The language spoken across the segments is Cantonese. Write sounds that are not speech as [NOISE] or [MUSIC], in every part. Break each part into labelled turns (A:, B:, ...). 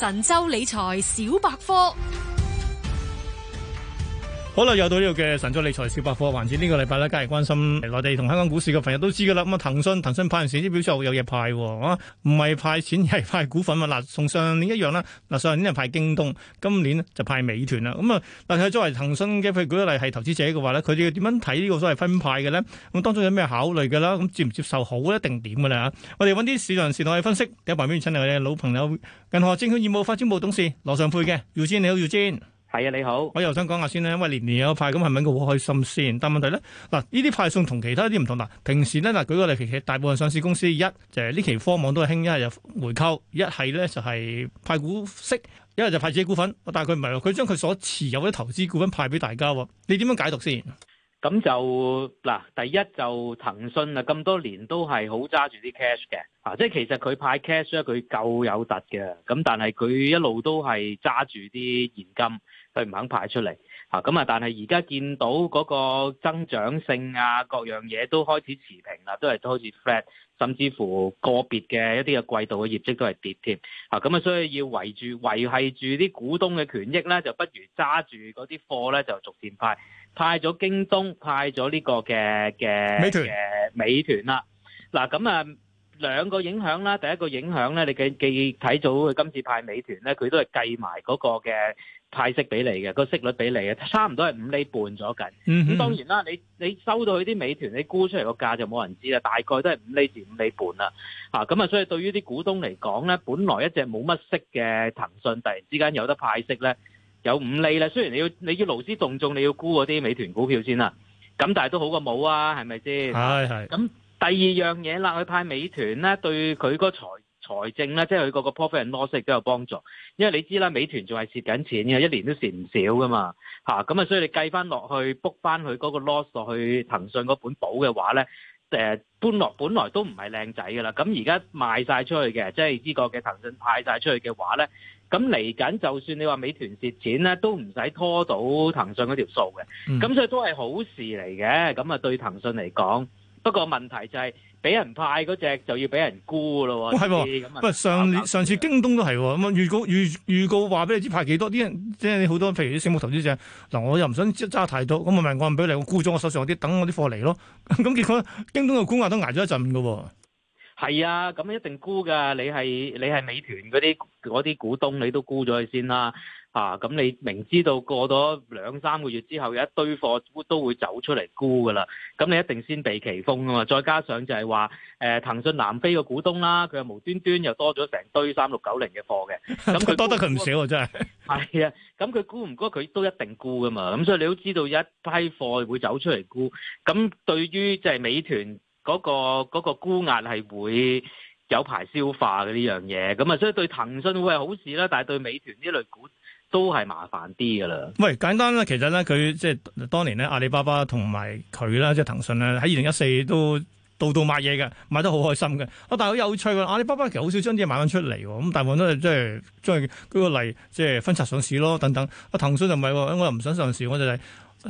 A: 神州理財小百科。
B: 好啦，又到呢個嘅神州理財小百科環節。呢個禮拜呢，梗係關心內地同香港股市嘅朋友都知噶啦。咁啊，騰訊騰訊派完成績表之後有嘢派，啊，唔係派錢係派股份啊。嗱，同上年一樣啦。嗱、啊，上年就派京東，今年就派美團啦。咁啊，但、啊、嗱、啊，作為騰訊嘅譬如舉一例係投資者嘅話呢，佢哋要點樣睇呢個所謂分派嘅呢？咁當中有咩考慮噶啦？咁接唔接受好呢一定點噶啦？我哋揾啲市場人士去分析。第一排邊請嚟嘅老朋友，銀河證券業務發展部董事羅尚沛嘅。u z 你好 u z 係啊，你好！我又想講下先啦，因為年年有派咁，係咪佢好開心先？但問題咧，嗱呢啲派送同其他啲唔同。嗱，平時咧嗱，舉個例，其實大部分上市公司一就係呢期科網都係興，一係就回購，一係咧就係派股息，一係就派自己股份。但係佢唔係，佢將佢所持有嗰啲投資股份派俾大家。你點樣解讀先？咁就嗱，第一就
A: 騰訊啊，咁多年都係好揸住啲 cash 嘅，啊，即係其實佢派 cash 咧，佢夠有突嘅。咁但係佢一路都係揸住啲現金。佢唔肯派出嚟吓咁啊。但係而家見到嗰個增長性啊，各樣嘢都開始持平啦，都係都開始 flat，甚至乎個別嘅一啲嘅季度嘅業績都係跌添吓咁啊！所以要圍住維係住啲股東嘅權益咧，就不如揸住嗰啲貨咧，就逐漸派派咗京東，派咗呢個嘅嘅美團嘅美團啦，嗱咁啊！兩個影響啦，第一個影響咧，你記記睇到佢今次派美團咧，佢都係計埋嗰個嘅派息俾你嘅，個息率俾你嘅，差唔多係五釐半左近。咁當然啦，你你收到佢啲美團，你沽出嚟個價就冇人知啦，大概都係五釐至五釐半啦。嚇咁啊，所以對於啲股東嚟講咧，本來一隻冇乜息嘅騰訊，突然之間有得派息咧，有五釐啦。雖然你要你要勞師動眾，你要沽嗰啲美團股票先啦，咁但係都好過冇啊，係咪先？係係。咁。第二樣嘢啦，佢派美團咧，對佢個財財政咧，即係佢個個 profit and loss 都有幫助，因為你知啦，美團仲係蝕緊錢嘅，一年都蝕唔少噶嘛嚇，咁啊，所以你計翻落去 book 翻佢嗰個 loss 落去騰訊嗰本簿嘅話咧，誒搬落本來都唔係靚仔噶啦，咁而家賣晒出去嘅，即係呢個嘅騰訊派晒出去嘅話咧，咁嚟緊就算你話美團蝕錢咧，都唔使拖到騰訊嗰條數嘅，咁、嗯、所以都係好事嚟嘅，咁啊對騰訊嚟講。不過問題就係俾人派嗰隻就要俾人沽噶咯，係喎。不
B: 過上次京東都係咁啊，預告預預告話俾你知派幾多啲人，即係好多譬如啲醒目投資者嗱，我又唔想揸太多，咁咪咪我唔俾你沽咗我手上啲，等我啲貨嚟咯。咁結果京東嘅股價都挨咗一陣噶。
A: 係啊，咁一定沽噶。你係你係美團嗰啲嗰啲股東，你都沽咗佢先啦。啊，咁你明知道過咗兩三個月之後有一堆貨都會走出嚟沽噶啦，咁你一定先避其鋒啊嘛！再加上就係話，誒騰訊南非嘅股東啦，佢又無端端又多咗成堆三六九零嘅貨嘅，咁 [LAUGHS] 佢多得佢唔少啊！真係係啊，咁 [LAUGHS] 佢沽唔沽佢都一定沽噶嘛，咁所以你都知道有一批貨會走出嚟沽，咁對於即係美團嗰個嗰個沽壓係會有排消化嘅呢樣嘢，咁啊所以對騰訊會係好事啦，但係對美團呢類股。都係麻煩啲
B: 噶啦。喂，簡單啦，其實咧，佢即係當年咧，阿里巴巴同埋佢啦，即係騰訊咧，喺二零一四都度度買嘢嘅，買得好開心嘅。啊，但係好有趣嘅，阿里巴巴其實好少將啲嘢賣翻出嚟，咁大部分都係即係將嗰個例，即係分拆上市咯，等等。啊，騰訊就唔係，我又唔想上市，我就係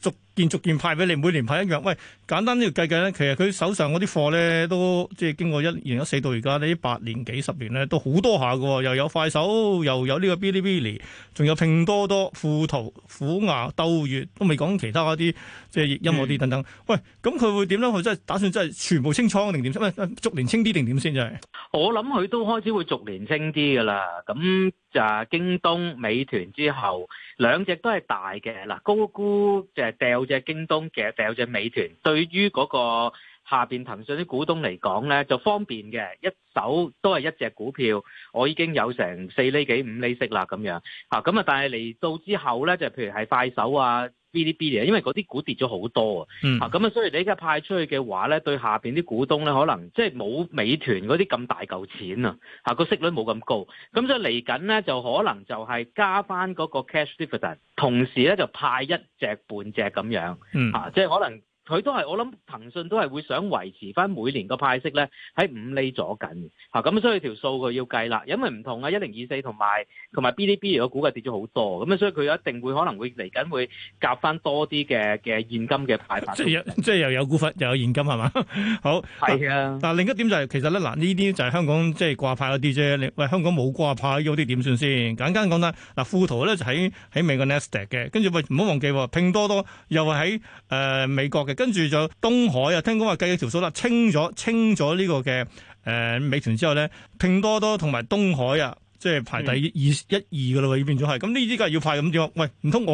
B: 捉。件逐件派俾你，每年派一樣。喂，簡單呢個計計咧，其實佢手上嗰啲貨咧都即係經過一二零一四到而家呢八年幾十年咧，都好多下嘅喎。又有快手，又有呢個 Bilibili，仲有拼多多、富途、虎牙、鬥月，都未講其他嗰啲即係音樂啲等等。嗯、喂，咁佢會點咧？佢真係打算真係全部清倉定點？咩逐年清啲定點先？真係
A: 我諗佢都開始會逐年清啲㗎啦。咁就係京東美團之後兩隻都係大嘅嗱，高估就係掉。隻京東嘅，又有隻美團。對於嗰個下邊騰訊啲股東嚟講咧，就方便嘅，一手都係一隻股票，我已經有成四厘幾、五厘息啦咁樣。吓。咁啊，但係嚟到之後咧，就譬如係快手啊。B 啲 B 嘢，因為嗰啲股跌咗好多、嗯、啊，咁啊，啊，所以你而家派出去嘅話咧，對下邊啲股東咧，可能即係冇美團嗰啲咁大嚿錢啊，嚇個息率冇咁高，咁所以嚟緊咧就可能就係加翻嗰個 cash dividend，同時咧就派一隻半隻咁樣，啊，即係可能。佢都係，我諗騰訊都係會想維持翻每年個派息咧喺五厘左近嚇，咁所以條數佢要計啦。因為唔同啊，一零二四同埋同埋 B D B 而家股價跌咗好多，咁啊所以佢有一定會可能會嚟緊會夾翻多啲嘅嘅現金嘅派發。即
B: 係即係又有股份，又有現金係嘛？好係啊。嗱另一點就係其實咧嗱，呢啲就係香港即係掛牌嗰啲啫。你喂香港冇掛牌嗰啲點算先？簡單講啦，嗱富途咧就喺喺美國 Nasdaq 嘅，跟住喂唔好忘記拼多多又喺誒美國嘅。跟住就東海啊，聽講話計條數啦，清咗清咗呢個嘅誒、呃、美團之後咧，拼多多同埋東海啊，即係排第二一二噶啦喎，要變咗，係咁呢啲梗係要派咁樣。喂，唔通我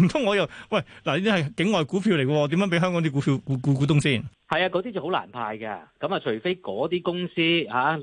B: 唔通我又喂嗱？呢啲係境外股票嚟喎，點樣俾香港啲股票股股東先？
A: 係啊，嗰啲就好難派嘅。咁啊，除非嗰啲公司嚇誒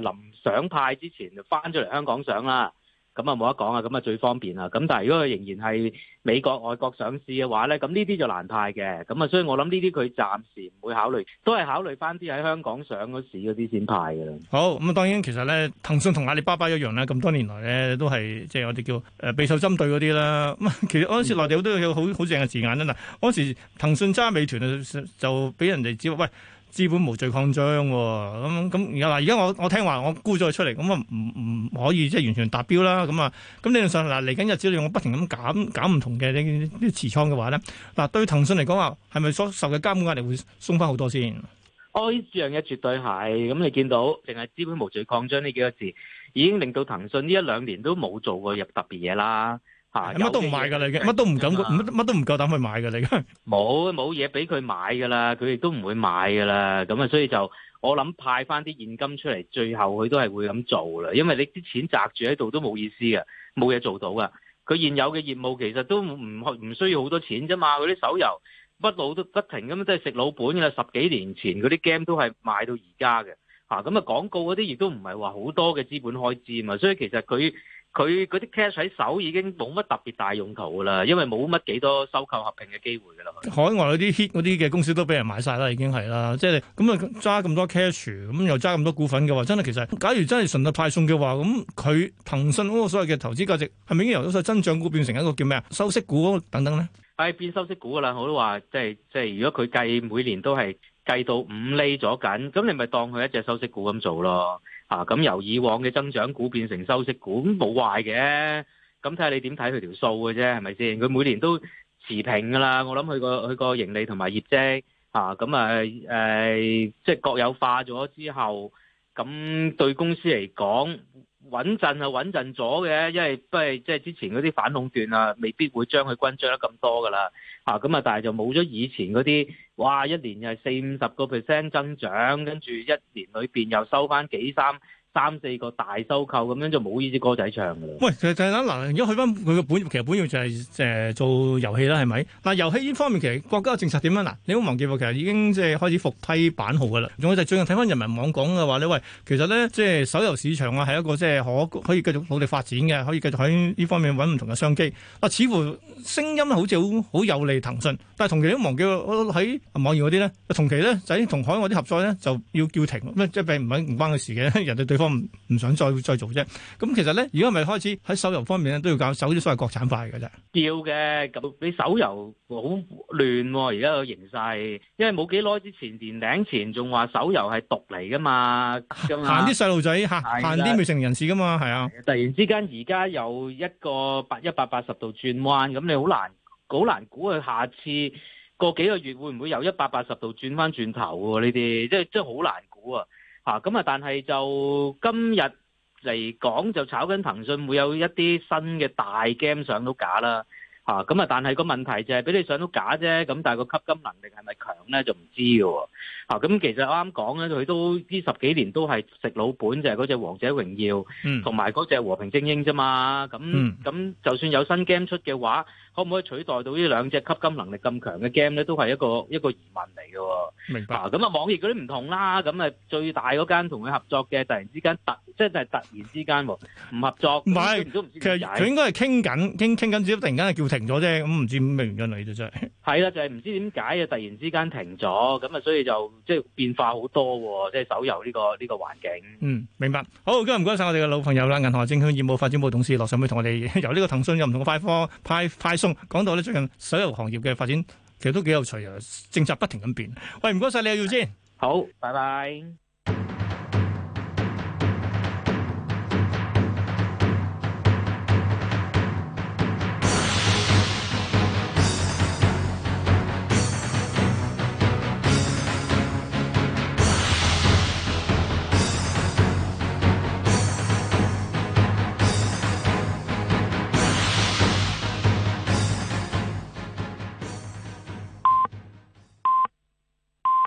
A: 臨想派之前就翻咗嚟香港上啦。咁啊冇得講啊！咁啊最方便啦。咁但係如果佢仍然係美國外國上市嘅話咧，咁呢啲就難派嘅。咁啊，所以我諗呢啲佢暫時唔會考慮，都係考慮翻啲喺香港上市嗰啲先派嘅啦。
B: 好咁啊、嗯，當然其實咧，騰訊同阿里巴巴一樣咧，咁多年來咧都係即係我哋叫誒、呃、備受針對嗰啲啦。咁啊，其實嗰時內地好多有好好正嘅字眼啦嗱，嗰時騰訊揸美團就就俾人哋指喂。資本無序擴張咁咁，嗱而家我我聽話我估咗佢出嚟，咁啊唔唔可以即係完全達標啦，咁啊咁理論上嗱嚟緊日子，我不停咁減減唔同嘅啲啲持倉嘅話咧，嗱對騰訊嚟講話係咪所受嘅監管壓力會鬆翻好多先？
A: 哦呢樣嘢絕對係，咁你見到淨係資本無序擴張呢幾個字，已經令到騰訊呢一兩年都冇做過入特別嘢啦。乜、啊、都唔買噶你嘅，乜都唔敢，
B: 乜乜都唔夠膽去買噶你嘅。
A: 冇冇嘢俾佢買噶啦，佢亦都唔會買噶啦。咁啊，所以就我諗派翻啲現金出嚟，最後佢都係會咁做啦。因為你啲錢擲住喺度都冇意思嘅，冇嘢做到噶。佢現有嘅業務其實都唔唔需要好多錢啫嘛。佢啲手遊不老都不停咁即係食老本啦。十幾年前佢啲 game 都係賣到而家嘅。嚇！咁啊廣告嗰啲亦都唔係話好多嘅資本開支啊嘛，所以其實佢。佢嗰啲 cash 喺手已經冇乜特別大用途噶啦，因為冇乜幾多收購合併嘅機會噶
B: 啦。海外嗰啲 hit 嗰啲嘅公司都俾人買曬啦，已經係啦。即係咁啊，揸咁多 cash，咁又揸咁多股份嘅話，真係其實，假如真係純粹派送嘅話，咁佢騰訊嗰個所謂嘅投資價值係咪已經由嗰個增長股變成一個叫咩啊？收息股等等咧？
A: 係變收息股噶啦，我都話即係即係，如果佢計每年都係計到五厘左緊，咁你咪當佢一隻收息股咁做咯。啊，咁由以往嘅增長股變成收息股，咁冇壞嘅。咁睇下你點睇佢條數嘅啫，係咪先？佢每年都持平㗎啦。我諗佢個佢個盈利同埋業績，啊，咁啊，誒，即係國有化咗之後，咁對公司嚟講。穩陣係穩陣咗嘅，因為不係即係之前嗰啲反壟斷啊，未必會將佢均張得咁多噶啦，吓咁啊！但係就冇咗以前嗰啲，哇一年又係四五十個 percent 增長，跟住一年裏邊又收翻幾三。三四個大收購咁樣就
B: 冇呢支歌仔唱嘅。喂，其實就係嗱，如果去翻佢嘅本業，其實本業就係誒做遊戲啦，係咪？嗱，遊戲呢方面其實國家政策點樣？嗱，你好忘記其實已經即係開始復批版號嘅啦。仲有就係最近睇翻人民網講嘅話你喂，其實呢，即係手遊市場啊，係一個即係可可以繼續努力發展嘅，可以繼續喺呢方面揾唔同嘅商機。啊，似乎聲音好似好好有利騰訊，但係同期都忘記喺網易嗰啲呢，同期呢，就喺同海外啲合作呢，就要叫停，即係唔係唔關佢事嘅，人哋對方。我唔想再再做啫。咁其實咧，而家係咪開始喺手遊方面咧都要搞手，啲所謂國產化嘅啫。
A: 要嘅，咁你手遊好亂，而家個形勢，因為冇幾耐之前年頂前仲話手遊係毒嚟噶嘛，吓啲細
B: 路仔吓，吓啲未成年人士噶嘛，係
A: 啊。突然之間而家有一個百一百八十度轉彎，咁你好難好難估佢下次過幾個月會唔會有一百八十度轉翻轉頭嘅呢啲，即係即係好難估啊！啊，咁啊，但係就今日嚟講，就炒緊騰訊會有一啲新嘅大 game 上到架啦。啊，咁啊，但係個問題就係俾你上到架啫，咁但係個吸金能力係咪強咧就唔知喎。啊，咁其實我啱講咧，佢都呢十幾年都係食老本，就係嗰隻王者榮耀，嗯，同埋嗰隻和平精英啫嘛。咁、啊、咁、嗯、就算有新 game 出嘅話，可唔可以取代到呢兩隻吸金能力咁強嘅 game 咧？都係一個一個疑問嚟嘅。明白。咁啊，網易嗰啲唔同啦。咁啊，最大嗰間同佢合作嘅，突然之間突即係突然之間唔合作。唔係，其實佢應
B: 該係傾緊傾傾緊，只不過突然間係叫停咗啫。咁唔知明唔明嘅你哋啫。
A: 係啦，就係唔知點解啊！突然之間停咗，咁啊，所以就即係變化好多喎。即係手遊呢個呢個環境。
B: 嗯，明白。好，今日唔該曬我哋嘅老朋友啦，銀河證券業務發展部董事羅尚沛同我哋由呢個騰訊又唔同嘅快科派派。講到咧最近手遊行業嘅發展，其實都幾有趣啊！政策不停咁變，喂，唔該晒你啊，耀先，好，拜拜。